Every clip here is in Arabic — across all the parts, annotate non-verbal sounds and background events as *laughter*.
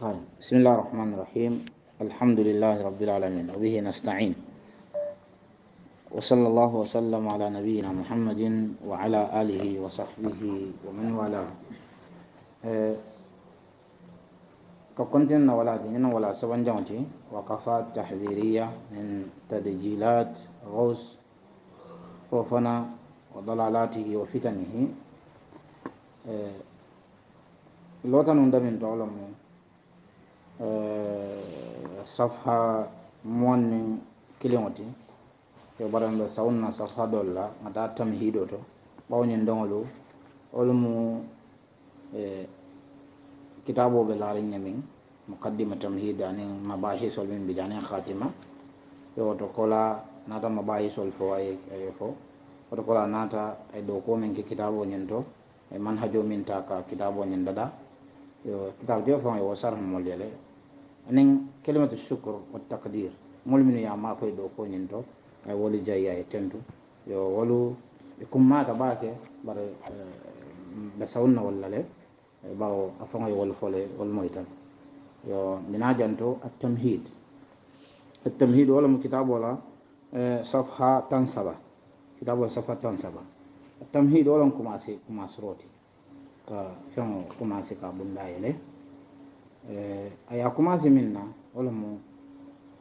نعم بسم الله الرحمن الرحيم الحمد لله رب العالمين وبه نستعين وصلى الله وسلم على نبينا محمد وعلى آله وصحبه ومن والاه كنت آه، ككنتن ولا ديننا ولا سبن جونتي وقفات تحذيرية من تدجيلات غوص خوفنا وضلالاته وفتنه آه، لو من دمين تعلمون Eh, safha mɔni kelenw ti e bara n bɛ sawo na safa dɔ la ka taa tamhi to bawo ɲin dɔŋolu olu mu eh, kitabo be laari ɲami mukaddima tamhid ani mabahi sol min bija khatima e woto kola nata mabahi sol fo ay fo woto kola nata ay do ko min ke kitabo ɲin to e manhajo min ta ka kitabo ɲin dada yo kitabo jo fo e wo sarhu molyele enen kelimatu sucre o takdir mulmino ya makoye ɗo koñin to ay e wolu jeyya e tentu yo wolu ɓe kummaka ɓake bara ɓe eh, sawunna wollale ɓawo e a fogoye wol fole wol moy tan yo mina janto a tamhid a tamhid wolamo kitabola e, safha tan saba kitabola safha tan saba a tamhid wolon commencé commencé roti ka fengo commencé ka bundayele آه، أياكم زمننا علماء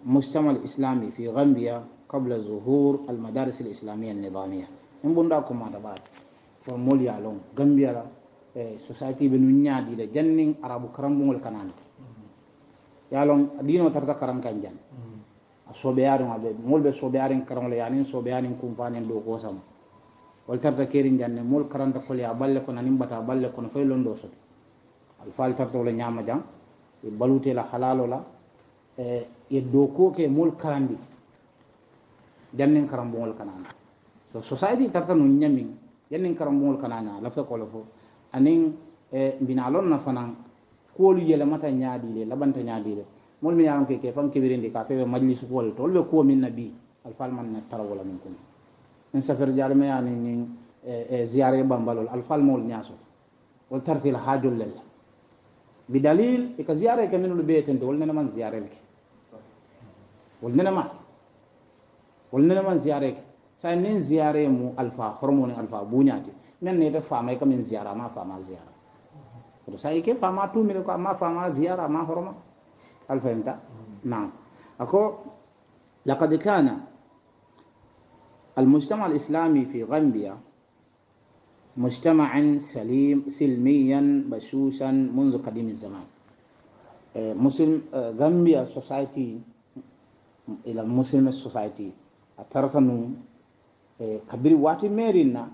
مجتمع الإسلامي في غامبيا قبل ظهور المدارس الإسلامية النظامية إن بنداكم ما دبات فمول يعلم غامبيا آه، سوسايتي بنونيا دي لجنين عربو كرمبو الكنان يعلم دينو ترتا كرم كان جن سوبيار ما بي مول بي سوبيار كرم لي يعني سوبيار كومبان دو كوسام ولترتا كيرين جن مول كرن دكول يا بالكو نانيم باتا دوسو الفال ترتا ولا نياما جان e balutela halalo la e ye dookuo ke moolu karandi janniŋ karambuŋolu kana ña so society tarta nuŋ ñamiŋ janniŋ karambuŋolu kana ña lafita ko le fo aniŋ e, eh, mbina loŋ na fanaŋ kuwolu yelemata ñaadii le labanta ñaadii le moolu mi ye a loŋ ke ke faŋ kibirindi ka fewe majilisi kuwo le to wolu be kuwo miŋ na bii alifaalu maŋ na tara wo la miŋ kono niŋ safari jaalimeya niŋ niŋ e, e, alifaalu eh, maŋ ñaa soto wolu tartila haajolu le la بدليل إك زيارة كمنو البيت أنت ولنا من زيارة لك ولنا ما ولنا من زيارة سأنين زيارة مو ألفا هرمون ألفا بونياتي من نيت فما إك زيارة ما فما زيارة سأيك فما تو منك ما فما زيارة ما هرمون ألفا أنت نعم أكو لقد كان المجتمع الإسلامي في غامبيا mujtamaan salim silmiyan basusan mundu kadimi zaman eh, muslim eh, gambia society ila muslim society a tarata nun eh, kabiri wati merin na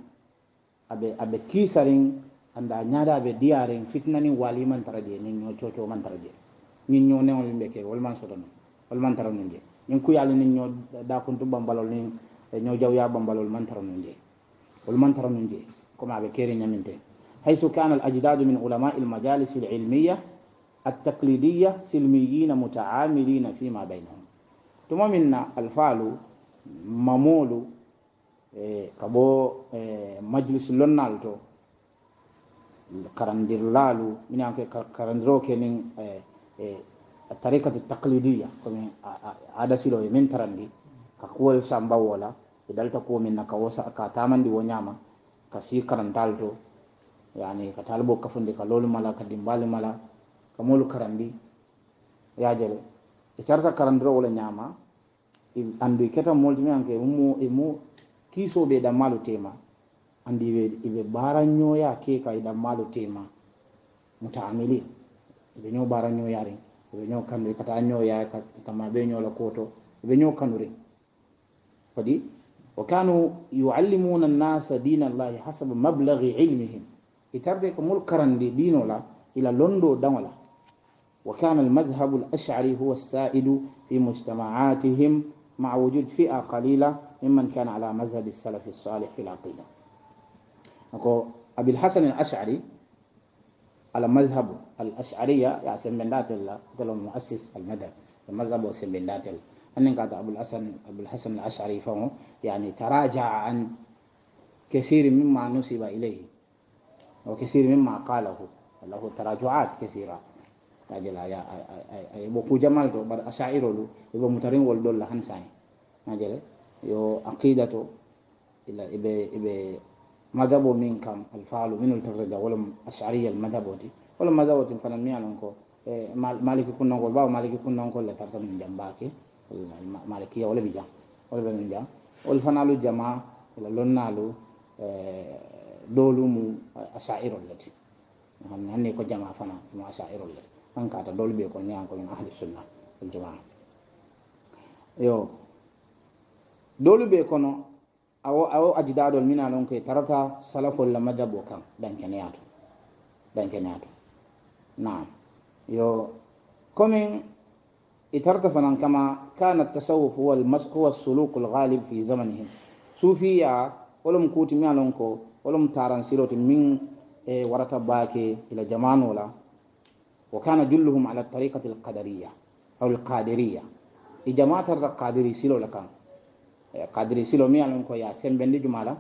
abe, abe kisarin anda ñaada abe diyarin fitna ni wali man tara je nin ño coco man tara je ñin ño neol mbe ke wol man soto non wol man tara nun je ñin ku yalu nin ño da kuntu bambalol nin ño jaw ya bambalol man tara nun je wol man tara nun je كما بكير نمنتين حيث كان الأجداد من علماء المجالس العلمية التقليدية سلميين متعاملين فيما بينهم ثم من الفالو ممول كبو مجلس لونالتو karandirlalu min anke karandiro kenin eh, eh, tarikatu taqlidiya komi ada silo min tarandi ka kuwol samba wola e dalta kuwo min ka tamandi wo ñama kasi karantal to yani ka talibo kafunde ka lolu mala ka dimbali mala ka karambi ya yajele e tarta karandro wala nyama ñama e andu e keta molti mi anke e mu e mu be da malu tema andi be baranyo ya ke ka e malu tema muta amili ɓe ño ɓaranñoyari ɓe ño kanuri kata ñoya kama nyo la koto ɓe ño kanuri kadi وكانوا يعلمون الناس دين الله حسب مبلغ علمهم إتارده ملكرن دين الله إلى لندو دولة وكان المذهب الأشعري هو السائد في مجتمعاتهم مع وجود فئة قليلة ممن كان على مذهب السلف الصالح في العقيدة أبي الحسن الأشعري على مذهب الأشعرية يعني سمبندات المؤسس المذهب المذهب وسمبندات الله أن انقطع أبو الحسن أبو الحسن الأشعري فهو يعني تراجع عن كثير مما نسب إليه وكثير مما قاله له تراجعات كثيرة تاجل يا بوكو جمال تو بعد أشاعره لو يبقى مترين والدول لهن ساين ناجل يو تو إلا إب إب مذهب من كم الفعل من التفرد ولا أشعرية المذهب دي ولا مذهب تنفرد ميانكو إيه، مالك يكون نقول باو مالك يكون نقول لترتم من جنباكي malikia wo le mi jang wo le be min jang wolu fanalu jama wala lonnalu e, doolumu asairol leti hamni hanni ko jama fana mo asairol leti hankata doolu ɓee ko ñaan ko min ahli sunna jama yo doolu ɓee kono awo awo ajdadol mina lon koye tarata salafol la madabo kan ɗankeneyatu ɗankeneyatu naam yo commin itartafanan kama kana tasawuf huwa almas huwa suluk alghalib fi zamanihim sufiya wolum kuti mi alon ko wolum taran siroti min e warata baake ila jamanu la wa kana julluhum ala tariqati alqadariyya aw alqadiriyya i jama'a tarta qadiri silo la kan qadiri silo mi alon ko ya sembendi jumala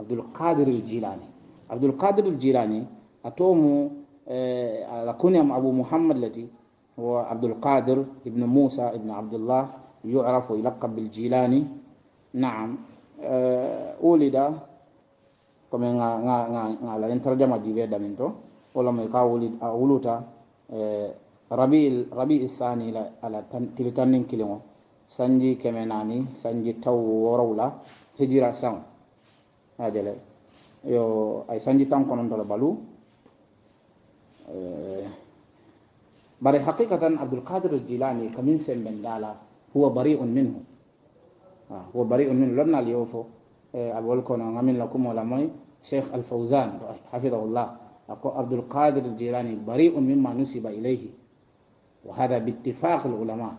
abdul qadir aljilani abdul qadir aljilani atomu ala kunyam abu muhammad lati وعبد القادر ابن موسى ابن عبد الله يعرف ويلقب بالجيلاني نعم ولد kome nga nga nga nga la en tarjama di weda min to wala mai ka wulid a wuluta rabi rabi isani la ala tilitanin kilimo sanji kemenani sanji taw worawla hijira san adele yo ay sanji tan konon to balu eh بل حقيقة عبد القادر الجيلاني كمن سن من دالا هو بريء منه آه هو بريء منه لنا اليوفو آه أقول لكم أنا لكم ولا مي شيخ الفوزان حفظه الله أقول عبد القادر الجيلاني بريء مما نسب إليه وهذا باتفاق العلماء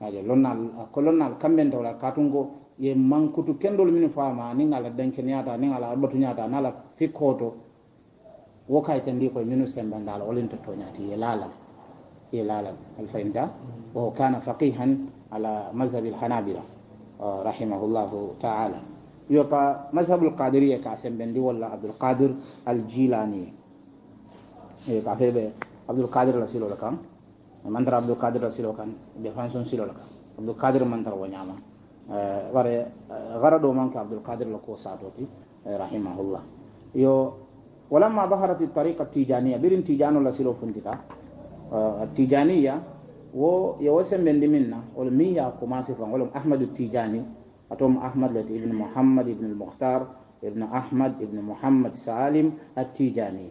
هذا لنا كلنا كم من دولا كاتونغو يمانكتو كندول من فاما نين على دنكنياتا نين على أبتنياتا نالا في كوتو woka ita ndi ko nyunu semben dal olin to tonya ti yelala yelala al fahimta wa kana faqihan رحمه الله تعالى يوبا مذهب القادرية كاسم بن دي ولا عبد القادر الجيلاني يوبا فيب عبد القادر رسول الله كان من در عبد القادر رسول الله كان بفانسون رسول الله كان عبد القادر من در ونعم غرد ومنك عبد القادر لكو ساتوتي رحمه الله يو ولما ظهرت الطريقه التيجانيه برين تيجان ولا سيلو فنتكا آه، التيجانيه و يوسم من دمنا ولمية كماسفة ولم أحمد التيجاني أتوم أحمد لت ابن محمد ابن المختار ابن أحمد ابن محمد سالم التيجاني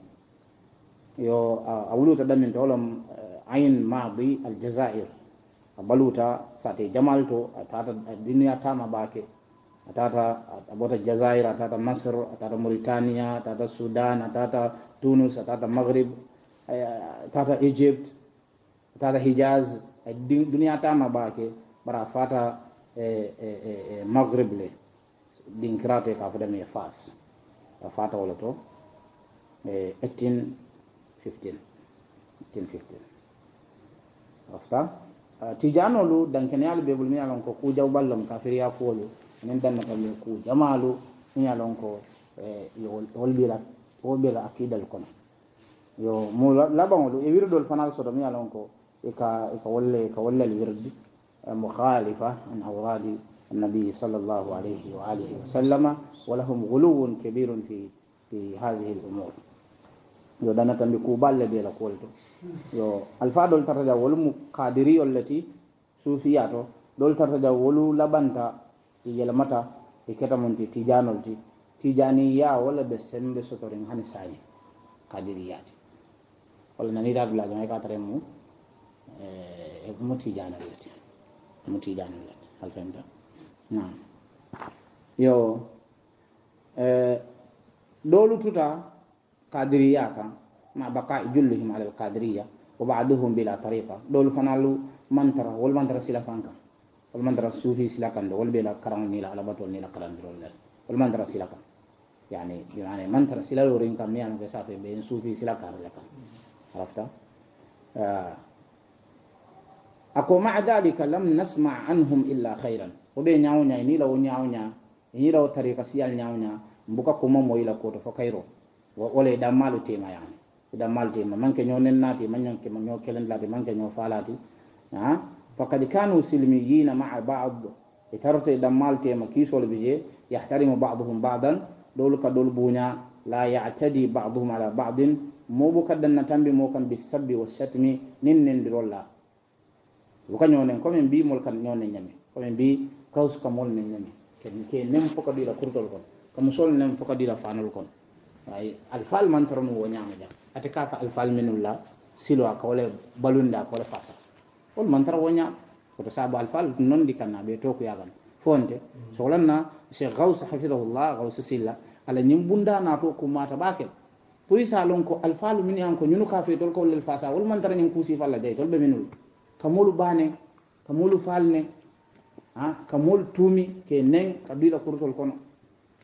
يو آه، أولو تدمن تولم آه، عين ماضي الجزائر بلوتا ساتي جمالتو تاتا الدنيا تاما باكي atata abota jazair atata masr atata mauritania atata sudan atata tunus atata maghrib eh, atata egypt atata hijaz eh, duniya tama bake bara fata e, e, e, maghrib le ɗin kirate ka fodame fas a fata wala to 1815 eh, 1815 afta ah, tijanolu dankeneyalu ɓe ɓulmi alon ko kujaw ɓallon kafiriya folu aniŋ dannatalio kuu jamaalu miŋ ye a loŋ ko wolu bira wo bira akidal kono yo mu labaŋolu i wiridolu fanaŋ soto miŋ ye a loŋ ko i ka i ka wolu le ka wolu lel wiridi mukhalifa an awradi النبي صلى الله عليه وآله وسلم ولهم غلو كبير في في هذه الأمور yo dana tambi ku balle be la kolto yo alfa dol tarta da wolu mu qadiri allati sufiya to dol tarta da wolu labanta e yelmata e keta munti tijanol ti tijani ya walla ɓe sembe sotorin hani sayi kadiri yaati walla nanita village on e katare eh, mu mu tijanolati mu tijanolati alfenta nam yo ɗolu eh, tuta kadiriya kan ma baka e julluhim alal kadiriya wa baduhum bila tariqa ɗolu fanalu mantara wol mantara sila fan kan walman tara sufi sila kan wol be la karan ni la alabato ni la karan do la walman sila kan yani yani man tara sila lo kan miyan ko sa fe be sufi sila kan la kan arafta ah. ako ma dalika lam nasma anhum illa khairan o be nyaaw nyaa ni la o nyaaw ni la o siyal nyaaw nyaa mbuka ko mo moyla ko fo khairo wole da tema yani da tema manke nyonen nati manke nyokelin lati manke nyofalati ha ah. فقد كانوا سلميين مع بعض يترت دمال تيما تيمكيس والبجي يحترم بعضهم بعضا دول كدول بونا لا يعتدي بعضهم على بعض مو بكدن نتنب مو كان بالسب والشتم نن ننن درولا وكان يونن كومن بي مول كان يونن نيامي كومن بي كاوس كمول نيامي كن كي نم فوكا دي لا كورتول كون كمسول نم فوق دي لا فانول كون اي يعني الفال من ترمو ونعم جا اتكاك الفال من الله منولا سيلوا بلون دا كولا فاسا wol mantara wo ñaam koto saabu alfaal non di kanna ɓe yagal fonte sohlanna cheikh gawsa hafidahullah gawsa silla ala ñin bunda nato kummata ɓakel pour isa lon ko alfaalu min han ko ñunu kafe tol ko lel fasa wol mantara ñin kuusi falla dey tol ɓe minul kamolu bane kamolu falne ha kamolu tuumi ke nen ka ɗuyla kurtol kono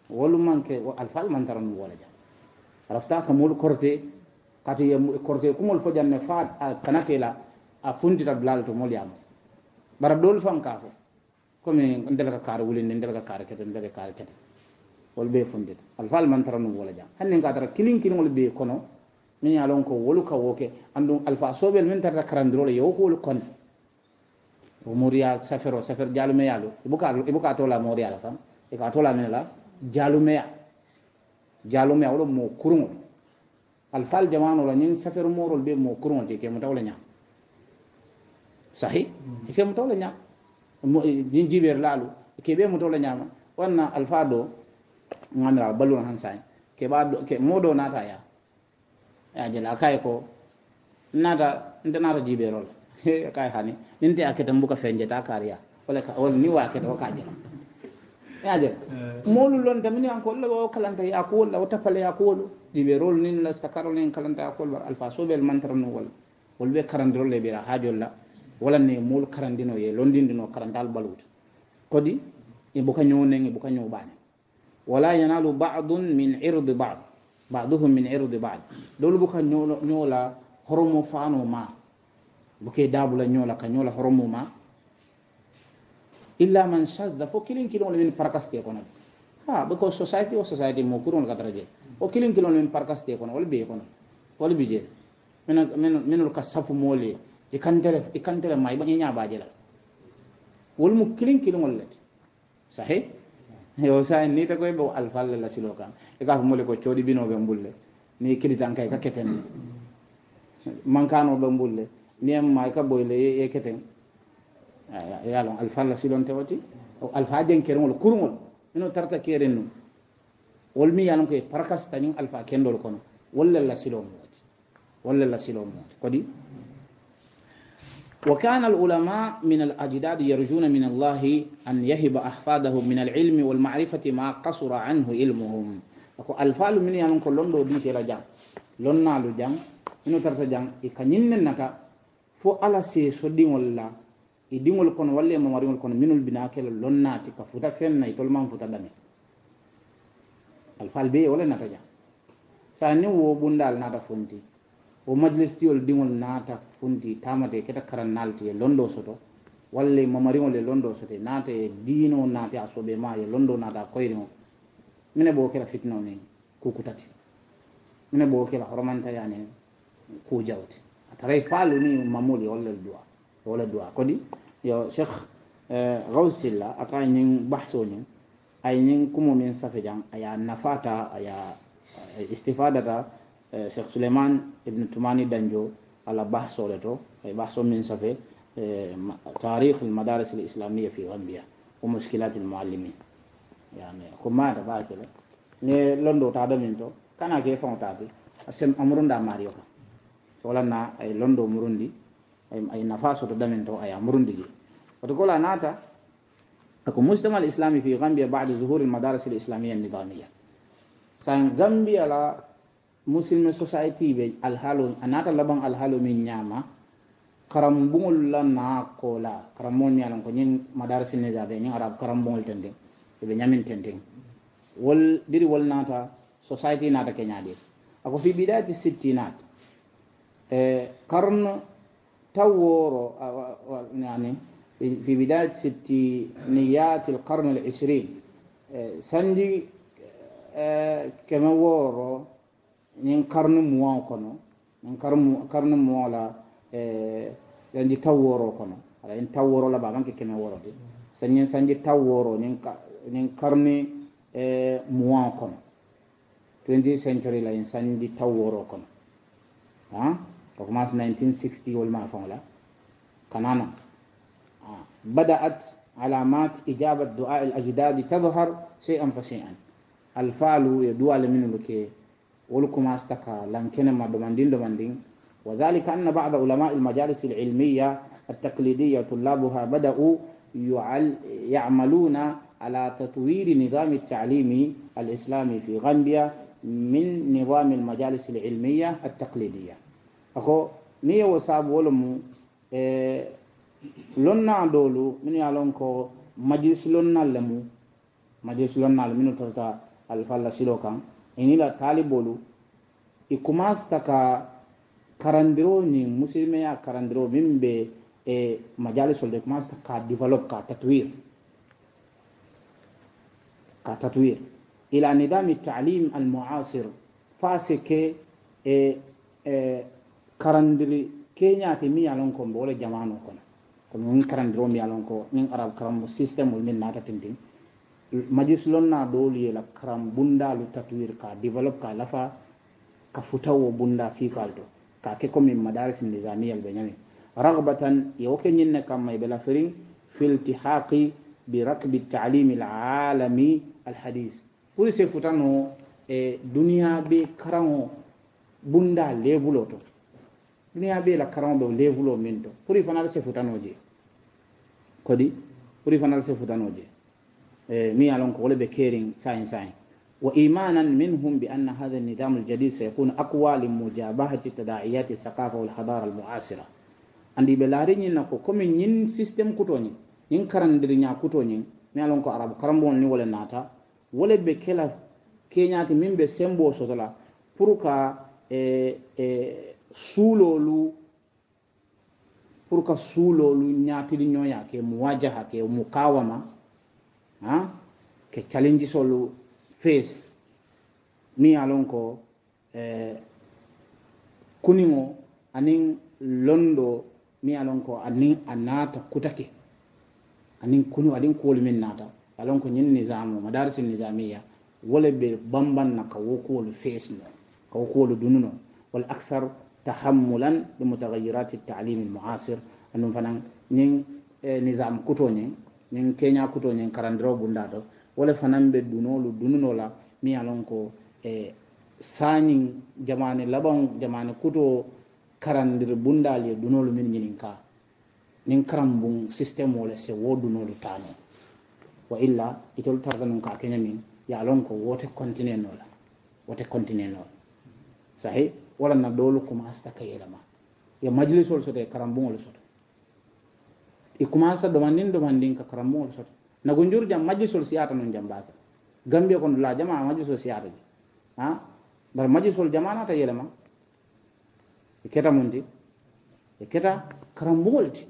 wolu manke alfal mantara num wola jam rafta kamolu korte kati korte kumol fo janne fa kanatela afuntita dulal to mol yama bara dol fam ka fo comme ndel ka kar wulinde ndel ka kar kete ndel ka kete wol be fundita alfal man tara num wala jam hannen ka tara kilin kilin wol be kono min ya lon ko wolu ka woke andum alfa sobel min tara karandirole yo ko wol kon o moriya safero safer jalumeya lo ibuka ibuka to la moriya la fam e ka to la min la jalumeya jalumeya wolo mo kurungol alfal jamano la nyin safer morol be mo kurungol te ke mo tawla nyam sahi ike mo tawla ñaama jinjiɓeere laalu be mo tawla ñaama wonna alfa ɗo gamira balluna han ba do ke modo nata ya ya jela kai ko nata nata naata jiɓeerol kai hani ninte a kete mbuka kar ya wala ka wala ni wa kete wo ka jela ya yaje molu lon ni an ko o kalanta ya ko wala o tapale ya ko wala dibe rol nin la stakaro nin kalanta ya ko alfa sobel mantara no wol be karandrol le bira hajol la ne mul karandino ye londindino karandal balut kodi e buka ne e buka ñow baane wala yanalu badun min irdi bad baduhum min irdi bad dol buka ñoola horomo faano ma buke daabula nyola, ka nyola horomo ma illa man shadda fo kilin min parkaste kono ha because society o society mo kurun ka daraje o kilin min parkaste kono wala be kono wala bi je men men men ka safu mole ikantere ikantere mai bani nya bajela wol mu kilin kilin wallet sahi yo sai ni ta koy bo alfal la silokan e ka mo le ko chodi bino be mbulle ni kilitan kay ka keten man kano be mbulle ni am mai ka le ye keten ya lon alfal la silon tewati o alfa jen kerol kurmol ino tarta keren nu wol mi yalon koy parkas tanin alfa kendol kono walla la silon walla la silon kodi وكان العلماء من الأجداد يرجون من الله أن يهب أحفادهم من العلم والمعرفة ما قصر عنه علمهم الفال من يالون كلون دو دي تيرا جان لون نالو جان إنو ترتا جان إكا نين نكا فو على سي سودين ولا إدين والكون ولا ممارين والكون من البناكل لون ناتي كفوتا فين ناي تول مان فوتا داني الفال بي ولا نتا جان ساني وو بندال ناتا فونتي o majlistiol diŋol naata funti tamate keta nalti ye londo soto walla mamariŋol ye londo soto naata ye diino naate a ma ye londo naata a koyriŋo mine bo kela fitno ne kukutati mine ɓo kela horomantayani kujawti a taray faalu ni mamul ye walla duwa walla duwa kodi yo cheikh eh, gawsilla aka ñiŋ bahso ñiŋ ay ñiŋ kumo min safe jaŋ aya nafata aya eh, istifadata cheikh souleymane ibne toumani dandio على بحثه لتو بحثه من سفه آه، تاريخ المدارس الإسلامية في غامبيا ومشكلات المعلمين يعني كما تبارك الله ني لندو تادا منتو كان كيف تاتي اسم امرون دا ماريو ولا نا اي لندو مروندي اي نفاسو تدا منتو اي امروندي وتقول ناتا اكو مجتمع الاسلامي في غامبيا بعد ظهور المدارس الاسلاميه النظاميه سان غامبيا لا muslim society be alhalo anata laban alhalo min nyama karambungol la na kola karambol ni alan ko nyin madar sinne jabe nyin arab karambungol tende be nyamin tende wol diri wol nata society nata kenya de ako fi bidati sittinat e karn taworo yani في بداية ستينيات القرن العشرين سندي كمورو ñiŋ karni muwaŋo kono ñiŋ karni muwaŋo la sanji taw wooro kono ala ñiŋ taw wooro la baamanke keme wooro ti sa ñiŋ sanji taw wooro ñiŋ karni muwaŋo kono twenty century la ñiŋ sanji taw wooro kono han ka commence 1960 wolu maa faŋo la kanana بدأت علامات إجابة دعاء الأجداد تظهر شيئا فشيئا الفعل يدوى لمن لكي ولكم استكا لكن ما دمندين دمندين وذلك أن بعض علماء المجالس العلمية التقليدية طلابها بدأوا يعملون على تطوير نظام التعليم الإسلامي في غامبيا من نظام المجالس العلمية التقليدية أخو مي وساب ولم إيه، لنا دولو من يالونكو مجلس لنا لمو مجلس لنا لمنو ترتا الفلا سيلوكان inila tali bolu i commenceta ka karandiro ni musilimeya karandiro min be e majali solde commenceta ka develop ka tatwir ka tatwir ila nidami talim almuasir fase ke e, e karandiri keñaate mi yalon ko mbo jamano kono kono min karandiro mi yalon ko min arab karambo systéme ol min naata tintin majlislon lonna doolu ye la karam bundaalu tatwir ka develop ka lafa ka futa bunda sifaal to ka ke komi madaris nisamiyal be ñami ragbatan ye wo ke ñin ne kamma ye be la firiŋ fi iltihaqi bi rakbi taalimi alalami alhadis pour se futano e duniya be karaŋo bunda lebulo to duniya be la karaŋo be lebulo min to pour fanal se futano je kodi pour fanal se futano je مي على قول بكيرين ساين ساين وإيمانا منهم بأن هذا النظام الجديد سيكون أقوى لمجابهة تداعيات الثقافة والحضارة المعاصرة andi be laari ñin na ko comme ñin système kuto ñin ñin karandiri ña kuto ñin mi alon ko arabu karambol ni wala nata wala be kela keñaati min be sembo pour ka e e suulolu pour ke muwajaha ke mukawama hein, que challenge solo face mi alonko eh, kunimo anin londo mi alonko anin a nata kutake anin kuni adin kuwol min nata alonko ñin nisamo madarisi nisamiya wole ɓe bambanna ka wo kuwol face no ka wo kuwol dunu no wal aksar tahammulan bi mutaghayyirati taalimi almuasir anum fanan ñin eh, nisam kuto ñin nin keña kuto ñiŋ karandiro bunda to wo le fanaŋ be dunolu dununo la mi alon ko eh, saañiŋ jamani labaŋo jamani kuto karandiri bundaal ye dunolu min ñiniŋ ka niŋ karambuŋ systéme le se wo dunolu taano wa illa itolu tarata nun ka keña miŋ ye a ko wote te continue noo la wote te continue noo la sahi wala na doolu commenceta ka yelema ye majilisolu soto ye karambuŋolu soto e commence ɗomanɗin ɗomanɗin ka karammool soto nago jurjam majjusol siyata noon jam mbaka gambia kono la jama majjusol siyata je ha bara majjusol jamanata yelema e keta mum ti e keta karammool ti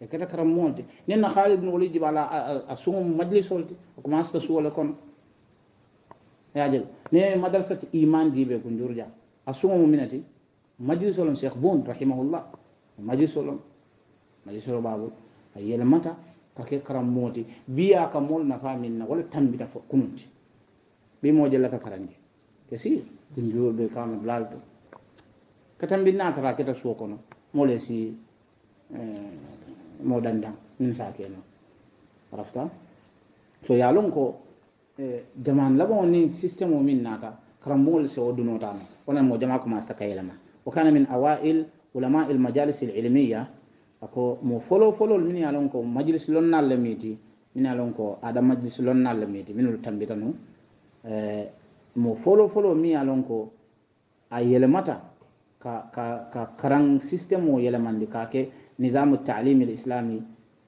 e keta karammool ti nden no haalid no woliji ɓala a suŋum majlisol ti o commence ta suwole kono yaajel ne madrasat iman diɓe ko jurjam a suŋumu minati majlisol on cheikh bon rahimahullah majlisol on majlisol o babol a yelmata ka ke karanmote biya ka mol nafa min na wala tambita fo kununte ɓe mojella ka karanje ke si ɗum joɗo kama blal to ka tambinnatata keta suwo kono mole si moɗandan min sakeno arafta so yalon ko jaman laɓao ni systéme o min naata karanmowol se o dunotano wonan mo jama commence ta ka yelma wa kana min awail ulama il majalis il ilmiya ako mo folo folol min alon ko majlis lon na le miti min alon ko ada majlis lon na le miti minul tambita no eh, mo folo folo mi alon ko a mata ka, ka, ka karang system mo yele mandi ka ke nizamu talimi al islami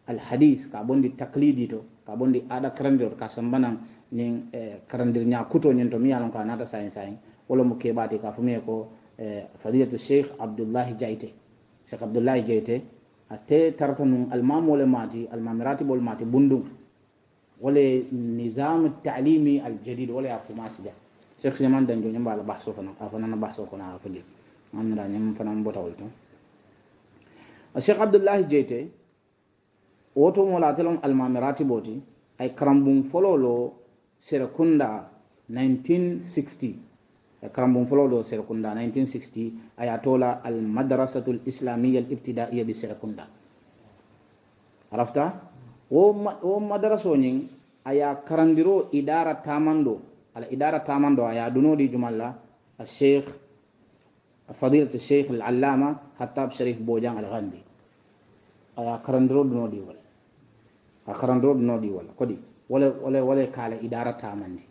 al hadith ka bondi taklidi to ka bondi ada karandir ka sambanan ni eh, karandir nya kuto nyen to mi alon ka nata sain sain wala mo ke bati ka fumeko eh, fadilatu cheikh abdullah jaite cheikh abdullah diayte ate tarata nun almamole mati almamiratibol mati bundum wole nisame talimi aljadid wole a commencé da cheikh suleman danjo ñamba ala baasoo fana a fanana bahso kono a fali amnata ñam fana mbotawol to cheikh abdoullahi jeyte woto molatelon almamiratiboti ay karambum fololo sera kunda كرامبون فلو دو سيركوندا 1960 آيات الله المدرسة الإسلامية الابتدائية بسيركوندا عرفتا؟ و مدرسة نين آيات كرانديرو إدارة تاماندو على إدارة تاماندو آيات دونو دي جمال الشيخ فضيلة الشيخ العلامة حتاب شريف بوجان الغندي آيات كرانديرو دونو دي ولا آيات دونو دي ولا كودي ولا ولا ولا كالة إدارة تاماندو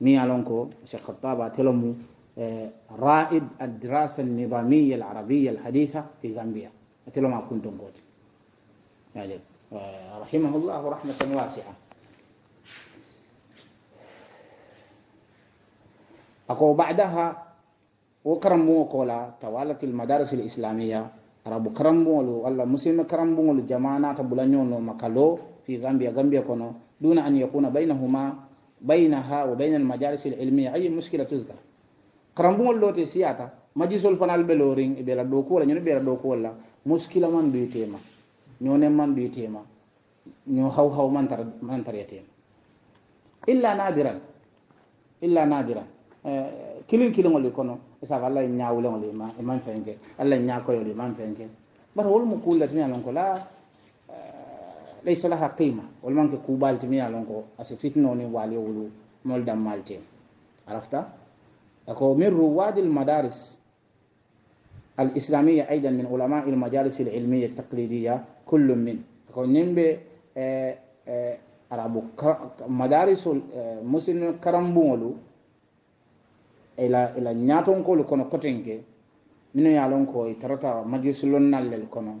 ميالونكو ye a تلمو آه، رائد الدراسة النظامية العربية الحديثة في زامبيا تلمو ما كنتم قلت يعني آه، رحمه الله رحمة واسعة أقو بعدها وكرم موكولا توالت المدارس الإسلامية رب مولو والله مسلم كرم مولو الجماعة تبلانيون مكالو في غامبيا غامبيا كونو دون أن يكون بينهما baynaha wa bayna almajalisi alilmia ayi muskila tuskar karambugol lote siyata majisol fanal ɓe lorin e ɓera ɗo kuwala ñone ɓera ɗo kuwalla muskila man ɗuytema ñonen man ɗuytema ño haw haw mantaryatema illa nadiran illa nadiran eh, kilin kilingol i kono esaf allah ñawulengol e ma e man fenke allah ñakoyol i e man fenke bata wolmo kullatimialon ko la ليس لها قيمة والمنك كوبال تميا لونكو أسفتنوني والي ولو مولدا مالتين عرفت أكو من رواد المدارس الإسلامية أيضا من علماء المجالس العلمية التقليدية كل من أكو نمبي arabu madarisul musilme karambuŋolu ila ila ñatonkolu kono kotenke minu ye a lon ko i tarata majlisulonnallel kono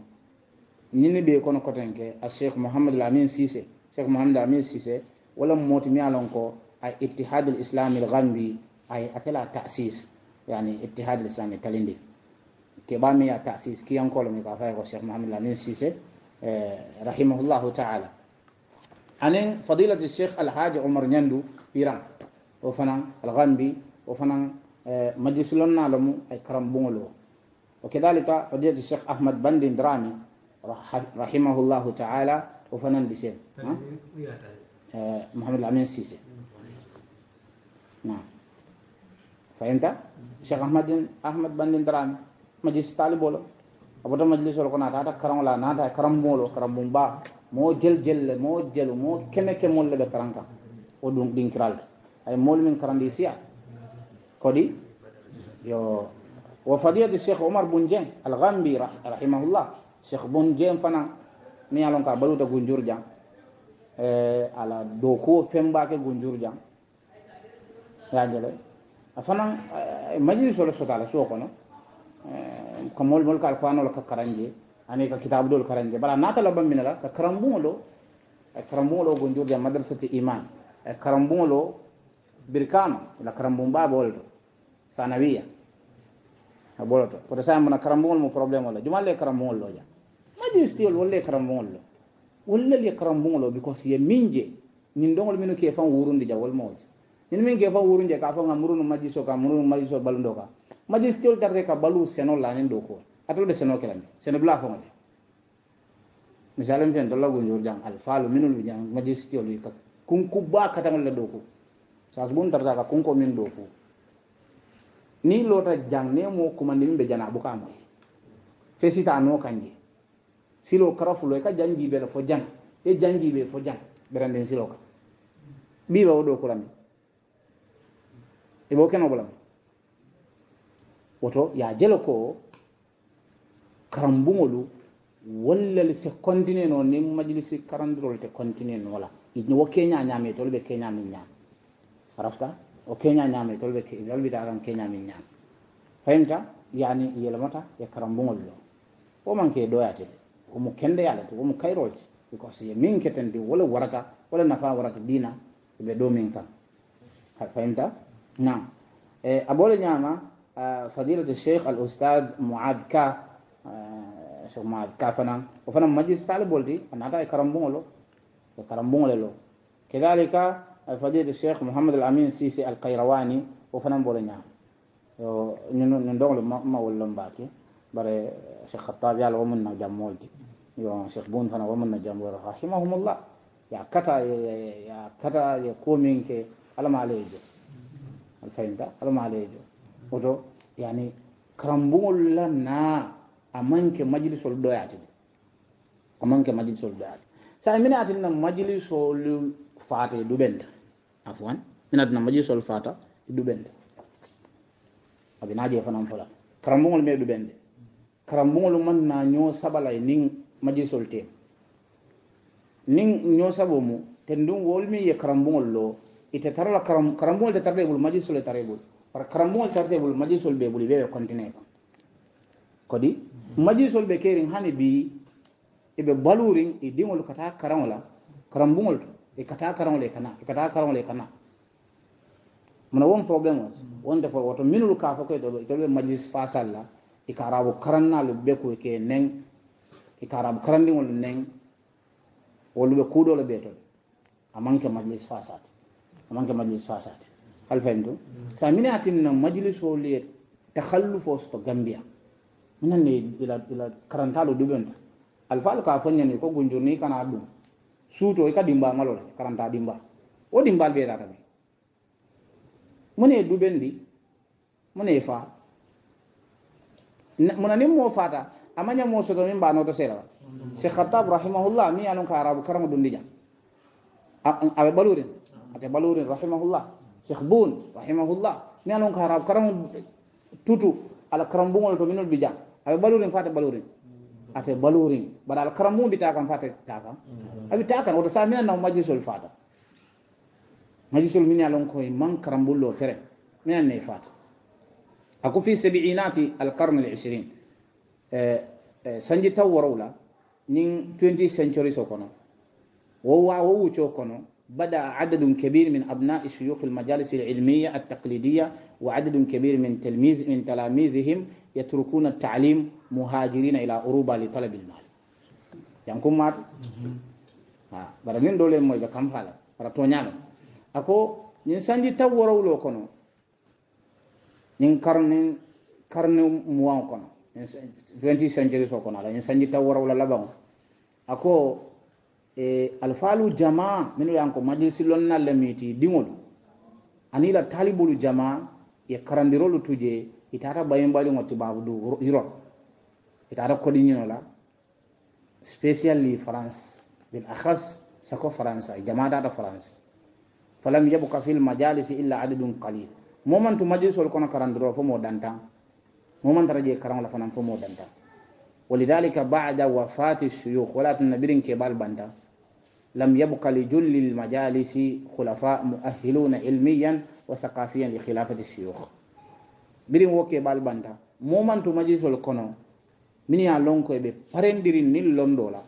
ñinni be kono kotenke a cheikh mouhamadou amin sise cheikh mouhamadou amin sise wala moti mi alon ko ay ittihad al islam al gambi ay atela ta'sis yani ittihad al islami kalindi ke ba mi ya ta'sis ki yan kolo mi ka fay ko cheikh mouhamadou amin sise rahimahullah ta'ala anen fadilat al cheikh al haji omar nyandu piran o fanan al gambi o fanan majlisulon nalamu ay karam bungolo وكذلك فضيلة الشيخ أحمد بندن درامي رحمه الله تعالى وفنان بسير نعم. آه، محمد الأمين السيسي نعم فهمت شيخ أحمد أحمد بن درامي مجلس طالب ولا أبدا مجلس ولا كنا هذا كرم ولا نادا كرم مولو كرم بومبا مو جل جل مو جل مو كم كم مول لبه كرم كا ودون دين كرال أي مول من كرم ديسيا كودي يو وفضيلة الشيخ عمر بن جن الغامبي رحمه الله cheikh bon jen fana mi yalon ka baluta gunjur jang e ala do ko fembake gunjur jang yajele afana eh, majlis wala sotala so kono eh, ko mol mol kal kwano la karanje ani ka kitabu dol karanje bala nata la bamina la ka karambulo lo gunjur jang madrasati iman lo birkan la karambumba bolto sanawiya bolto ko to sa mo na karambulo mo problem la jumal le lo ja maji walla e karamboŋol lo wallal ye karamboŋol o because ye miŋ je ñiŋ minu minnu ke faŋ wurundi ja wal mawo je ñiŋ miŋ ke faŋ wurundi je ka fo ŋa murunu majiso ka murunu majiso balundo ka maji majistiyol tarata ka balu seno la do ko atol be seno kelandi seno dula faŋo le misali mi fen tolla gunjur minul alfaalu minnu lu jaŋ majistiyol ka kunku baa kataŋol le do ko saasubun tarata ka kunko miŋ do ni niŋ loota jaŋ ne moo kumandi miŋ be jana a buka moyi fesita a noo silo karafulo e ka jangiɓele fo jang e jangiɓe fo jang ɓerenden silo ka ɓiɓa o ɗo kurami eɓo kenoɓolam woto ya jele ko karambugolu wallel se continue no ni majlisi karandirol te continue nola wo keña ñame tol ɓe keña min ñam arafta o keña ñame tolɓealɓitakan keña min ñam fayimta yani yelmata e karambugol lo o manque doyatede omo kende yalati omo kayrolti because ye min ketendi wala warata wala nafa warata dina ɓe ɗo min kan هل فهمت؟ نعم آه، أبولي نعمة آه، فضيلة الشيخ الأستاذ معاذ كا آه، شيخ معاذ كا فنا وفنا مجلس سالي بولدي أنا أتاي كرمبونلو كرمبونلو كذلك فضيلة الشيخ محمد الأمين سيسي القيرواني وفنا بولي نعم نندوغ ما ولن باكي بري شيخ خطاب يالو من جمولتي yo cheikh bon fana wamanna jambore rahimahumullah ya kata ya kata ya komin ke alama aleejo aɗa alama aleejo oto yani karambugol la na amanke manke majlisol ɗoyatide a manke majlisol ɗoyati sa mina atina majlisol fata e afwan mina atina majlisol fata e abinaje aɓe naaje fanan fola me ɗuɓende karambugol man na ñoo sabalay ning majisol te niŋ ño sabo mu te nduŋ wolu miŋ ye karambuŋol lo ite tara la karam karambuŋol te tarata mm-hmm. i majisol le tara i bulu karambuŋol tarata i majisol be bulu i bee be kodi majisol be keeriŋ hani bii i be i diŋolu ka taa karaŋo la karambuŋol to i ka taa karaŋo la i kana i ka taa karaŋo la i kana muna won problème wati wonte mm-hmm. fo woto minulu ka fo koye tolu be majlis fasal la i ka arabo karannaalu be ko ke neŋ e ka arabu karandiŋolu neŋ be kuudoolu le a maŋ ke majilis fasaati a maŋ ke majilis mm. sa mine atin na majilisoolu ye tahallufoo soto gambiya minen ne ila ila karantaalu duɓenta alfaalu ka fo ñani ko gunjurni kana ɗum suuto i ka dimba malo karanta dimba wo dimbal ɓe tata ɓe mune duɓendi mune fa muna nin mo fata amanya mosoto min mbano to sera cheikh khattab rahimahullah mi anon ka arabu karamo ɗum ndijam aɓe ɓalurin ate ɓalurin rahimahullah cheikh boun rahimahullah mi anon ka arabu karamo tutu ala karambugol to minol bijam aɓe ɓalurin fate ɓalurin ate ɓalurin mbaɗa ala karambu mbita kam fate ta kam aɓi ta kan oto sa mina naw majlisol fata majlisol min alon koye man karambullo tere minan ne fata ako fi sabiinati alqarne al ishirin sanji taw worow la nin 20 century so kono wo wa wo wuco kono بدا عدد كبير من ابناء شيوخ المجالس العلميه التقليديه وعدد كبير من تلميذ من تلاميذهم يتركون التعليم مهاجرين الى اوروبا لطلب المال يانكم يعني مات ها اه، برنين دول موي بكم حالا براتو نيانو اكو نين سانجي تاورو لو كونو نين كارن كارن موان كونو 20 century so kono ala sanji labaŋo a ko e, alfaalu jamaa minnu ye ko majilisi lonnal le miiti diŋolu aniŋ la taalibolu jamaa ye karandirolu tu je itaata bayinbaliŋo tibaabu du yurop itaata kodiñino la spécially france bil akhas sako france jamaa taata france falam yabka fil majalisi illa adadun qalil momantu majilisolu kono karandiro fo mo dantaŋ moman tara je karaŋola fanaŋ fo moo danta walidhalika bada wafati shuyukh wala tun nabirin kebal banta lam yabqa lijulli lmajalisi khulafa muahiluna ilmiyan wa sakafiyan li khilafati shuyukh birin wo kebal banta momantu majlisol kono min ye lon ko ɓe parendirin nin londo la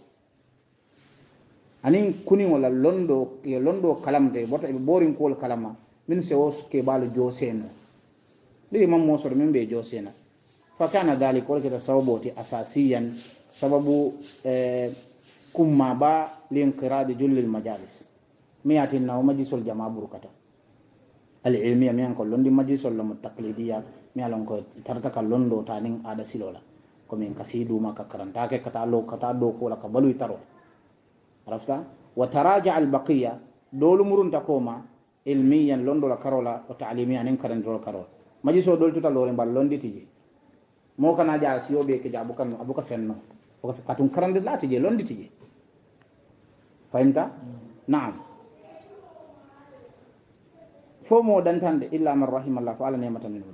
anin kuniŋo la londo ye londo kalamte bota ɓe borin kuwol kalama min sewo kebalu joseeno ɗiri man mo soto min ɓe joseena fakana dhalik wala kita sababoti asasiyan sababu eh, kumma ba linqiradi julli lmajalis miyatin nawo majlisol jama burkata alilmiya miyan ko londi majlisol lomo taqlidiya mi alon tarta ka londo tanin ada silola komin kasi duma ka ke kata lo kata do ko la kabalu tarola arafta wa taraja al baqiya dolu murun takoma ilmiyan londo la karola o talimiya nin karandiro karola majiso dol tuta lore mbal londi tije mo kana ja si be ke jabu kan abuka fenno ko katun karande lon je londi tije fahimta na'am fo mo dan tande illa man rahimallah fa ala ni'matan minhu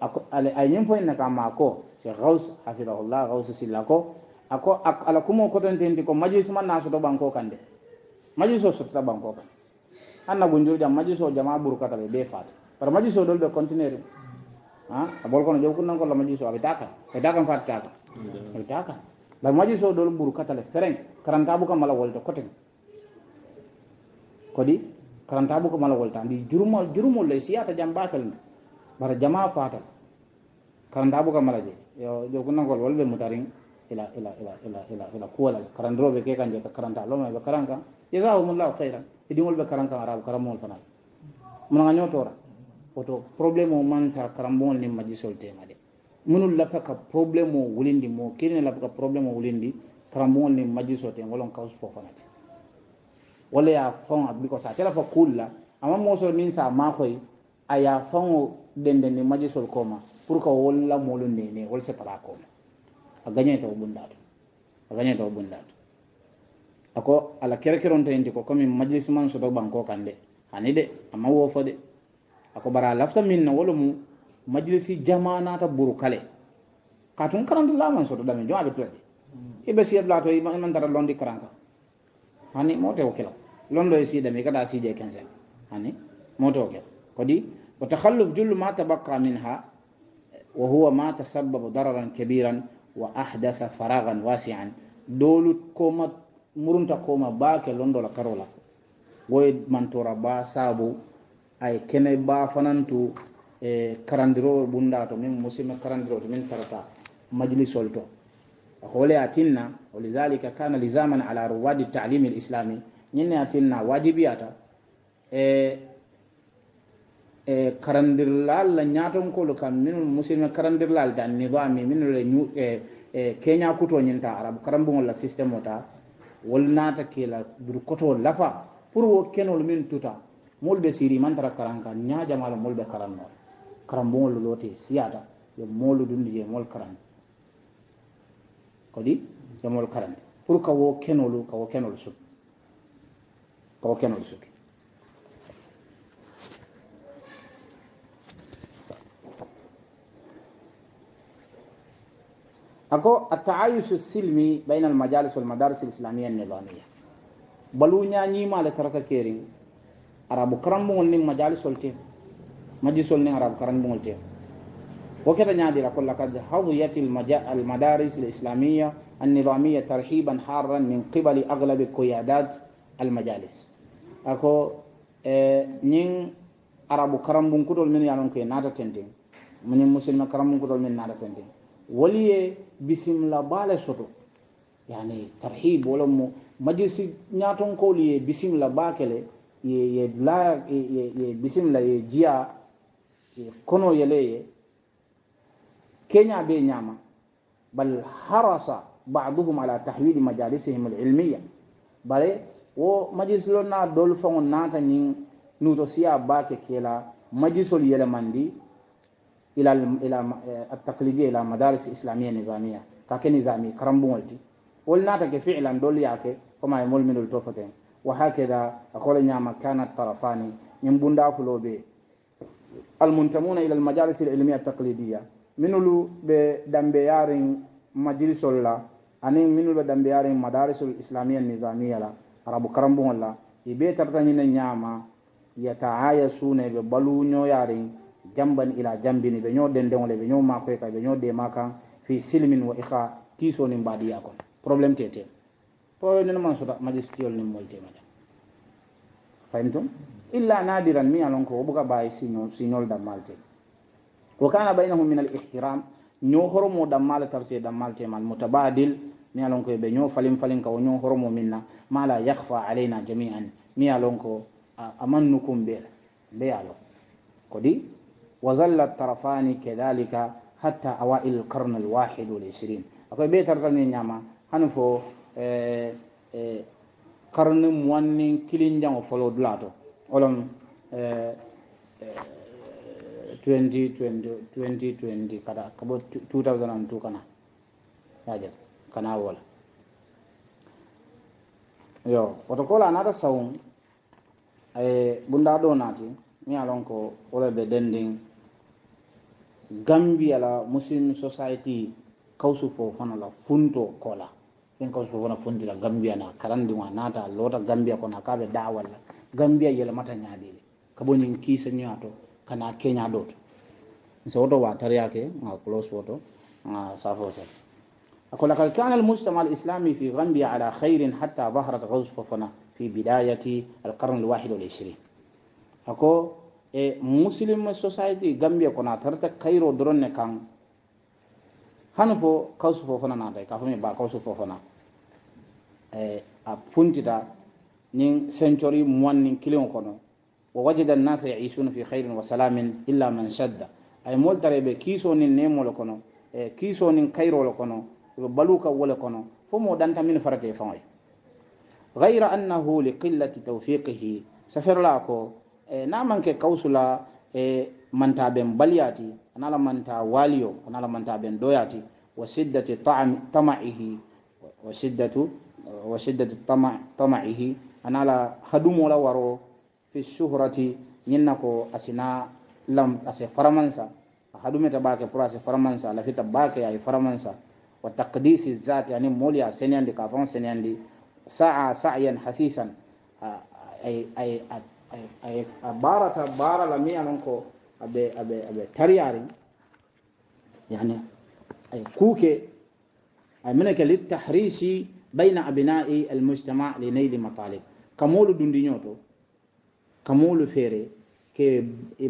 ako ale ayen fo ka kama ko se gaus hafidahullah gaus ko ako ala kumo ko tan tendi ko majlis man to banko kande majlis so ta banko kan anna gunjur jam majlis so jama burkata be be fat par majlis so dol be continuer a bolkono jow kunnan kolla majjuso aɓe daka ɓe dakan fati daka e daka la majjuso ɗol ɓuuru katale fereng karantabu kam mala wolta koten kodi karantabu kam mala wolta di jurumol jurumol le siata jam batal nde bara jama fatal karantabu kam mala je yo jow nan ko wolbe mutarin ila ila ila ila ila ila kuwalal karandiroɓe ke kan je ka karanta lo karan kan jasahumullahu hayran e ɗingol ɓe karan kan arabu karamugol fanal munaga woto problème o manta karamboŋol ni majisol tema de munul la ka problème o wulindi mo kiri la lafa ka problème o wulindi karamboŋol ni majisol tema woloŋ kaus fo fana wala ya fon abiko sa tela fa kuulu la ama moo soro niŋ sa maakoyi a ye a dende ni majisol ko ma pour que wolu la moolu nene wolu se para ko ma a gañeta wo bundaatu a gañeta wo bundaatu a ko ala kerekeronto yinti ko komi majlis man so do banko kande de hani de ama wo fo de ako bara lafta min no wolomu majlisi jama nata buru kale katun karantu laman soto dame jo aɓe tuwaɗe iɓe siyat lato nantara londi karanka hani mote o kela londo e siidami kada siide quinze hani mote o kela kodi wa takhalluf jullu ma tabaqa minha wa huwa ma tasabbabu dararan kabiran wa ahdasa faragan wasian dolu koma murunta koma baake londola karola woye mantora ba saabu ay kene bafanantu e karandirowo ɓunda to min musimme karandiro to min tarata majlisol to hole a tinna walizalika kana lisaman ala rowadi talimi l islami ñinne a tinna wajibiyata e e karandirlal la ñatonkolu kam minu musimme karandirlal dan nidami minole ñue e, e keña kutoñinta arabe karambugol la systéme o ta wol natakila dur koto lafa pour wo kenol min tuta moolu be siri man tara karanka nya jamal jama be moolu be karan noo karanbuŋolu loote siyaata yo moolu dundi je moolu karandi kodi yo mol karan pour ka wo kenolu ka wo kenolu su ka wo kenolu su ako ataayusu silmi baina almajalis walmadaris alislamia annidamia balu ñaañiima le tarata kering arabu jali solte ma te sol ni arabu ngol te wo keta ñaadira ko lakad al islamiyya alislamiya nizamiyya tarhiban harran min qibali qiyadat al majalis ako ning arabu karambunkutol min ye lon ko ye naata tenten ñiŋ musilima karambunkutol min naata tenten waliye bismillah bala soto yani tarhib wolomu majisi ñaatonkowolu ko liye bismillah kele ye ye laya ye bisimila ye jiya ye kono yeleye keña be ñama bal harasa baduhum ala tahwili majalisihim alilmiya bare wo majisolo na dolu faŋo nata ñin nuto siya bake kela majisol yelemandi ilaltaklidi eh, ila madaris islamia nisamia ka ke nisami karambuŋol ti wol nata ke filan dolu yake comme ay molu minol to fo ten wa hakada akole nyama kana tarafani ñin bundafulo be almuntamuna ila almajalis alilmiya altaqlidiya minulu be dambeyarin majlisol la ani minulu be dambe yarin madarisul islamiyya nizamiyya la arabu karambu la i be tarata ñine ñama yataayasune be balu nyo yarin jamban ila jambi ni be nyo dendeŋo le be nyo makoy ka be nyo de kan fi silmin wa ikha kiisonin badiya ko problem tete فوين من سورة ماجستيول نمولتي مدام فهمتم إلا نادرا مي ألونكو وبقى باي سينول سينول دمالتي وكان بينهم من الاحترام نيو هرمو دمال ترسي دمالتي مال متبادل مي ألونكو يبي نيو فلين فلين كو نيو هرمو منا ما لا يخفى علينا جميعا مي ألونكو أمنكم بيلا بيالو كودي وظل الطرفان كذلك حتى أوائل القرن الواحد والعشرين أكو بيتر تلني نعمة هنفو karni mugan ni kelen jango fɔlɔ dulatɔ wɔlɔm 2020 2020 kada ka 2002 kana yajɛ kana wala yo woto kola anata sawun bunda ɗo naati mi alon ko wala ɓe dendin gambia la muslim society kawsu fo fana la funto kola ɓen kam sowona fondira gambia na karandiwa naata a loota gambia kono a kaɓe da walla gambia yelamata ñaaɗiɗe kaɓonin kiisa ñoya to kana keña ɗo to so woto wa tariyake a close woto a safo sen أقول لقد كان المجتمع الإسلامي في غامبيا على خير حتى ظهرت غزفنا في بداية القرن الواحد والعشرين أكو مسلم سوسايتي غامبيا كنا ترتك خير درون كان hano fo kawsu fo fana naata ka fo min ba kawsu fo fana e a puntita nin centori muwan nin kiliŋo kono wa wajida annasa yaisuna fi khairin wa salamin illa man shadda ay moolu tara ɓe kiisoo nin neemo le kono e kiisoo nin kayro le kono ɓe baluu ka wo le kono fo mo danta min farate faŋo ye gayra annahu li qillati tawfiqihi saferla ko e na manke kawsu la e manta ben baliyati anala manta waliyo anala manta ben doyati wa siddati tama'ihi wa siddatu wa siddati tama'ihi anala hadumu la waro fi shuhrati nyinna ko asina lam ase faramansa hadume tabake pour ase faramansa la fita bake ay faramansa wa taqdisi zati yani moli asenyandi ka fon senyandi sa'a sa'yan hasisan ay ay ay ay barata bara la mi anko aɓe aɓe aɓe tariyari yani ay kuuke ay mineke liltahrisi bayna abinai almujtama li naili matalib kamolu dundiño to kamolu feere ke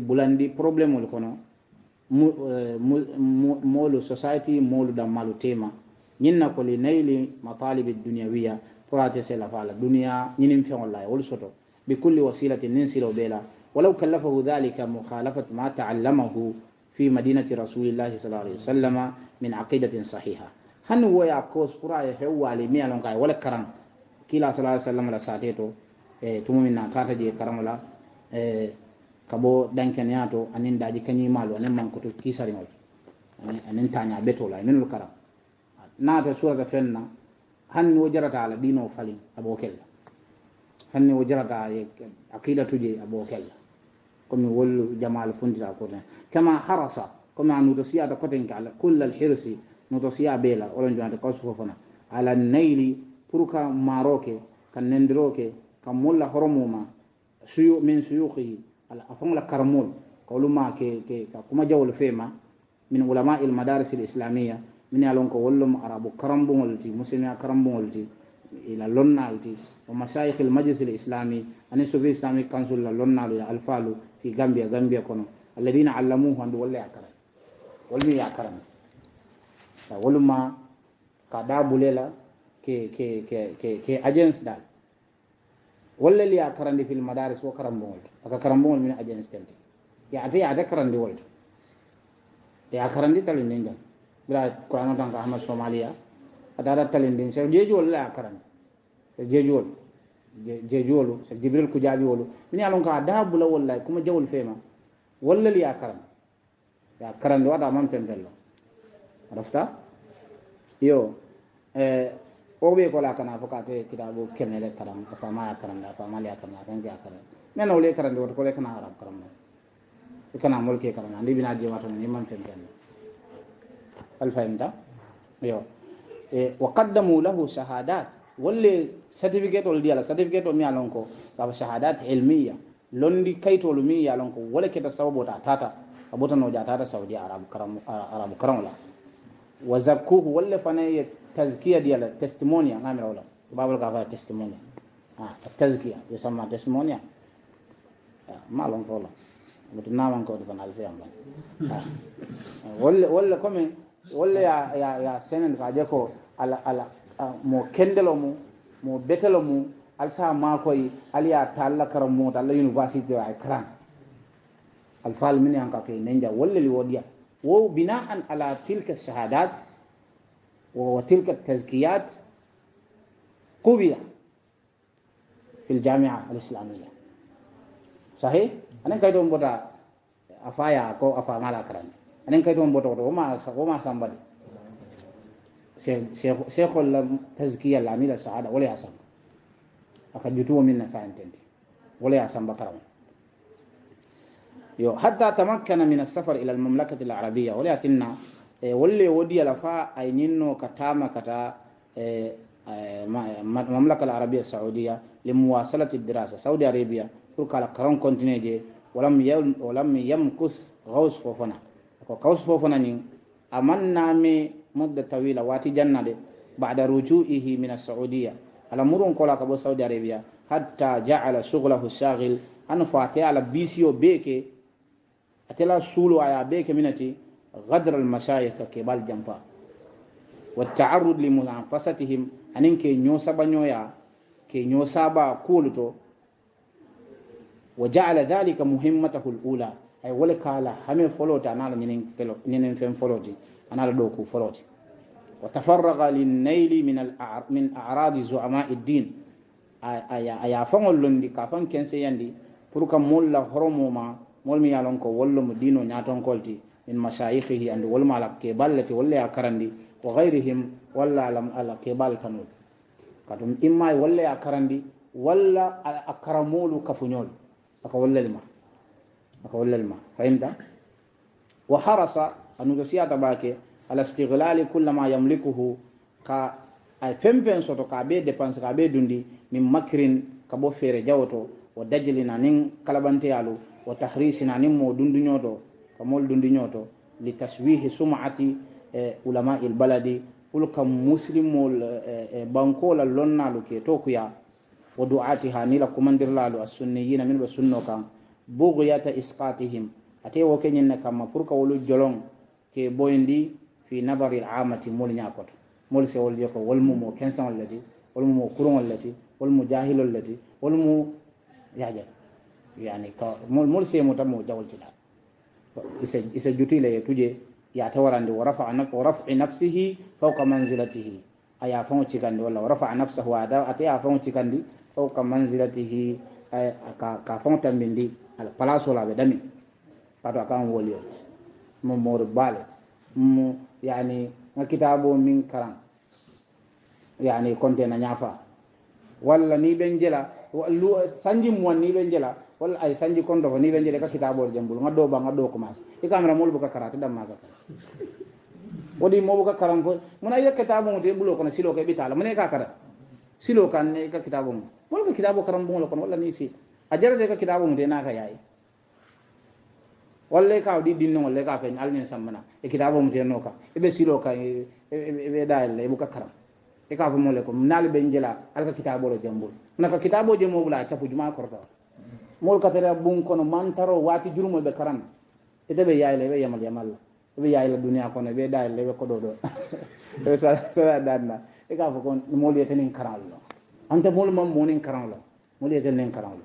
bulandi probléme ol kono moolu society moolu dammalu tema ñinna ko li naili matalibi duniyawiya pour ate se lafa la duniya ñinin feŋol la ye wolu soto bi kulli wasilatin nin silo bee la ولو كلفه ذلك مخالفة ما تعلمه في مدينة رسول الله صلى الله عليه وسلم من عقيدة صحيحة هن هو يا كوس قرا على مي لون ولا كرام كلا صلى الله عليه وسلم لا ساتيتو إيه من نكاتا جي كرام لا إيه كابو دانكن انين داجي كني مالو انين مانكوتو كي ساري مال انين تانيا بيتو لا انين كرام ناتا سورة فننا هن وجرت على دينو فالين ابو كلا هن وجرت على عقيدة تجي ابو كلا كما ولو جمال فندرا كورن كما حرس كما نودسيا دا كوتن كالا كل الحرس نودسيا بيلا اولن جوان دا كوسو فنا على النيل بروكا ماروكة كنندروكة كمولا كان هرموما سيو من سيوخي على افون لا كرمول قولوا ك ك كي كما جاول فيما من علماء المدارس الاسلاميه من يالونكو ولم عرب كرمبولتي مسلمي كرمبولتي الى لونالتي ومشايخ المجلس الاسلامي أنا سوفي اسلامي كنسول لونالو الفالو fi gambia gambia kono alladina allamuhu andu wolmi ka ke ke ke ke ke agence dal li fil madaris wo aka min agence wolto ya tan ka ahmad somaliya adada je jowolu jibril ko jaaɓi wolu min yalon ko a daabula wallay kuma jawol feema wallal ya karan ya karande waɗa man fen bello rafta yo e o ɓe kola kana fo kate kitaɓo kemele karan a fama ya karande a famal ya karande a fenke ya karande mais nawle karande wota kole kana arab karam noon i e kana molke karande andi ɓina jewata men i man fen bello alfahimta yo e wa qaddamu lahu shahadat wolle certificate ol diyala certificate o mi alon ko saba shahadat ilmiya londi kaytolu min ya lon ko wole keta sababu ta tata abotanoja tata saudi arabu karam la wa zakkuhu wolle fana ye tazkiya diyala testimonia ngamira wola babol ka faa testimonia tazkiya yosamma testimonia ma lon ko wola oto namankode fana ala seyam lan wolle wolle comme wolle ya ya ya senen fa je ko ala ala mo kendelo mu mo betelo mu al sa makoy al ya talla karam mo dalla university ay kran al fal min yan ka kay nenja walla li wodiya wo bina'an ala tilka shahadat wa tilka tazkiyat قوي في الجامعة الإسلامية صحيح أنا كيدون بودا أفايا كو أفا مالا كراني أنا كيدون بودا وما وما سامبالي sheekholla taskiyalla anila saada wala ya samba aka jutuwo min na sahantenti wala ya samba karamo yo hatta tamakkana min asafar ila almamlakati alarabia wala yatinna e wolle wodiyala fa ay ninno ka tama kata e mamlaka alarabia saudia limuwasalati dirasa saudi arabia pour kala karan continue je walam yamkus gaus fofana ko kaus fofana nin أمن نامي مدة طويلة واتي جنة دي بعد رجوعه من السعودية على مرون كولا كبو السعودية عربية حتى جعل شغله الشاغل أن فاتي على بيسي بيكي أتلا سولو على بيكي منتي غدر المشايخ كبال جنبا والتعرض لمنافستهم أنين كي نيو سابا نيويا كي نيو سابا كولتو وجعل ذلك مهمته الأولى ay wole kala hame folo ta anala nyinen pelo nyinen fem folo ti anala do ku folo ti wa tafarraga lin nail min al min a'rad zu'ama ad-din aya aya fangol londi ka fan kense yandi pour ka molla horomo ma mol mi yalon ko wollo mo dino nyaton kolti min mashayikhihi and wol malak ke ballati wolle ya karandi wa ghayrihim walla lam ala ke bal kanu katum imma wolle ya karandi walla a karamolu kafuñol aka wollelma hollelma fahimta wa harasa anuto siyata bake ala stiglali kulla ma yamlikuhu ka ay fempen soto ka be dépense ka be dundi min makrin ka bo fere jawoto wa dajlina nin kalabanteyalu wa tahrisina nin mo dunduñoto ka mol dunduñoto li taswihi sumati e ulama il baladi pul kam muslimol e, e, e bankola lonnalu ke tokuya wa du'atiha nila la kumandirlalu as sunniyina min ba sunno kan bogyata isqatihim atewo keñinne kamma pour que wolu jolon ke boyindi fi nabari lamati moolu ñakoto moolu sewol jeko wolmumo kensaol lati wolmumo kuroŋol lati wolmu jahilol lati wolmu yaja yani moolu semu tanmo jawol tiɗa isa jutile ye tuje yate warandi o rafi nafsihi fawka manzilatihi aya fao cikandi walla o rafa nafsahu ate ya fao cikandi fawka manzilatihi Eh, ka fɛnw ta min di ala palaso la a bɛ dami kato a kan woli mo mu bale mu yani nga kitabo min karan yani konte na nyafa walla ni ben jela lu sanji mo ni ben jela walla ay sanji kondo ni ben jela ka kitabo jambul nga do ba nga do ko mas e kamera mul bu ka karata dam ma ka wodi mo bu ka karan ko mun ay kitabo mo te bulo ko na silo ke bitala mo e ka karata silo kan ne ka kitabo mu wala ka kitabo karam bungo lokon wala ni si a jara de ka kitabo mu de na ka yayi wala ka di dinno wala ka fe almin sammana e kitabo mu de no ka e be silo ka e be e, e, e, dal le buka karam e ka fe mo le ko nal be ngela al ka kitabo lo jambul na ka kitabo je mo bula a chapu juma ko ko mol ka tere bun kono mantaro wati jurumo be karam e de be yayi le be yamal yamal e be yayi le duniya kono e be dal le be ko do do *laughs* e sa sa danna e ga fo ko moolyetenin karanlo lo anta moolu mam moonin karan lo moolyeten nin karan lo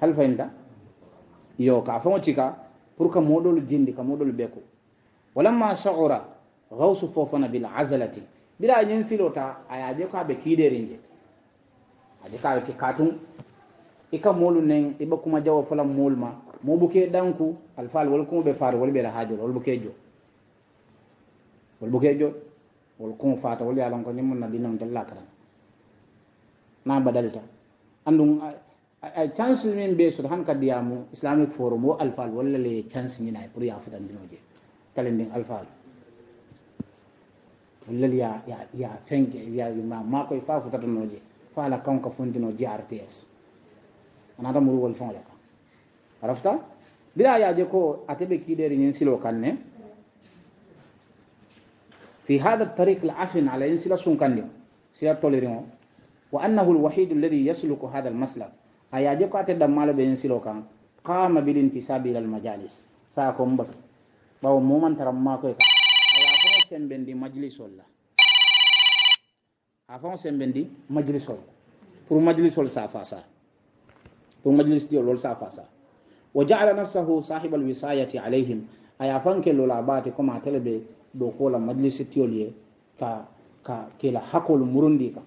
hal fayinta yo ka fomo cika pour que moɗolu jindi ka moɗolu ɓeku walamma shaura gawsu fofana bil azalati mbira ñin silota aya je ko aɓe kiiderin je aje ko aɓe ke katum i ka moolu nen i ɓakkuma jawo fola moolu ma moɓuke ɗanku alfaal wol kumoɓe faare wol ɓere haajol wol ɓuke jo wol ɓuke joɗ wol kuŋo faata wolu ye a loŋ ko ñiŋ muŋ na dinaŋo telu la ay chance min be soto han kadi islamic forum wo alfal walla le chance ñinaye pour ya futandino je kalendin alfal wallal ya ya ya you ya, ya ma makoye fa futatano je fa ala kanko fondino je rts anata muru wol feŋo le ya kan arafta bira yaje ko silo في هذا الطريق العفن على إن سلا سونكان سلا توليريون وأنه الوحيد الذي يسلك هذا المسلك أياجيكو أتدام مالا بإن كان قام بالانتساب إلى المجالس ساكم بك باو مومن ترم ماكو يكا أيافون دي مجلس الله أفون دي مجلس الله pour مجلس ol سافاسا pour مجلس دي ol سافاسا وجعل نفسه صاحب الوصاية عليهم أيافنك لولا باتي كما تلبي ɗo kola majlisettiyol ye ka ka kela hakkol murundi kan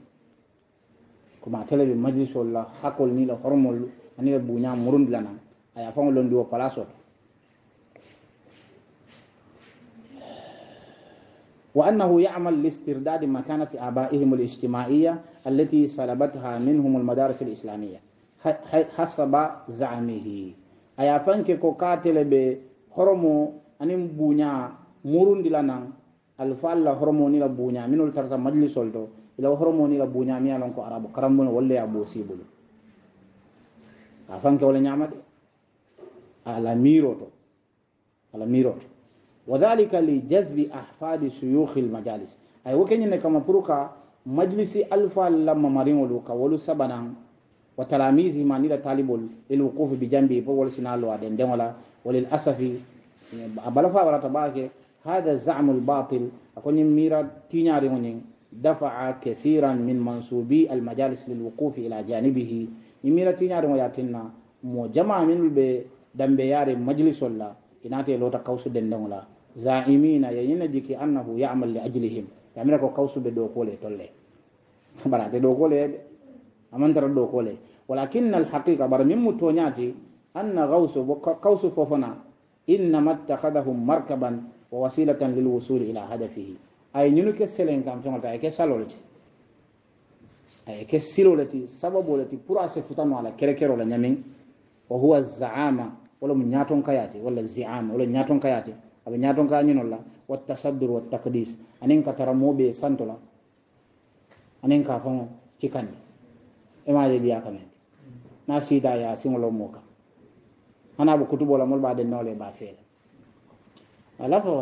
koma tele ɓe majlisol la hakkol ni la hormol ani ɓe buña murundi la nan aya faŋo londi wo place oto وأنه يعمل لاسترداد مكانة آبائهم الاجتماعية التي سلبتها منهم المدارس الإسلامية حسب زعمه أيا فانك كوكاتل بحرمو أنم بنيا murundila alfal la alla hormonila buña minol tarta majlisol to ila hormonila buña mi alon ko arabu karambono walla ya bosibul a fanke wala ñamade ala miro to ala miro to wadhalika li jazbi ahfadi suyukhi almajalis ay wokeñine kama pour ka majlisi alfa alla mamariŋolu ka wolu sabanang wa talamisihima nila talibol lilwuqufi bi jambi fo wol sinalo a dendeŋo la walil asafi a balafa warata baa هذا الزعم الباطل أقول ميرا تيناري دفع كثيرا من منسوبي المجالس للوقوف إلى جانبه يميرا تيناري وياتنا مو جمع من بي dambe yare majlis walla inate lota kawsu den den wala zaimina ya yina jiki annahu ya'mal li ajlihim yamira ko kawsu be do kole tolle bara de do kole amantara do kole walakin al haqiqa bar min mutonyati anna gawsu kawsu fofana inna mattakhadahum markaban ووسيلة للوصول إلى هدفه أي نينو كسلين كام فيون تاي كسالولتي أي كسيلولتي سببولتي برا سفتانو على كركرو لنيمين وهو الزعامة ولا من نياتون كياتي ولا الزعامة ولا نياتون كياتي أبي نياتون كانين الله والتصدر والتقديس أنين كترمو بي سانتولا أنين كافون كيكاني إما جديا كمان ناسي دايا سيمولو موكا أنا أبو كتبولا مول بعد النولي بافيلا wala fo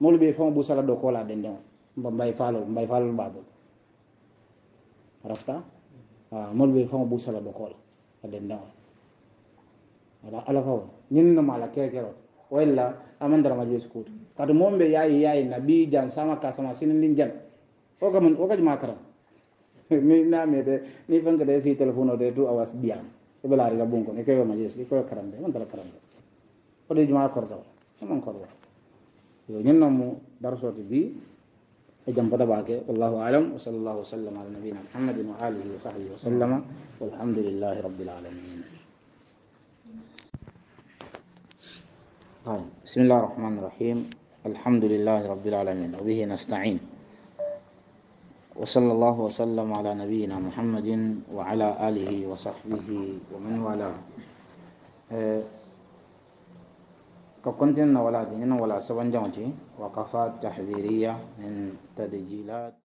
molu be bu busala do kola den den mbay falo mbay falo babul rafta ah molu be bu busala do kola den den wala ala fo nin no mala kekero wala ah, amen dara majlis kut kadu mombe yayi yayi nabi jan sama ka sama sinin din jan o mun o kam kara mi na me de ni fanga de si telefono de tu awas diam e ga riga bunko ne kewe majlis ko karambe man dara karambe o de juma do من قد وحد ينم درسة بي جنب دباك والله أعلم وصلى الله وسلم على نبينا محمد وآله وصحبه وسلم والحمد لله رب العالمين بسم الله الرحمن الرحيم الحمد لله رب العالمين وبه نستعين وصلى الله وسلم على نبينا محمد وعلى آله وصحبه ومن والاه ككنت ولا دين ولا سبنجوتي وقفات تحذيرية من تدجيلات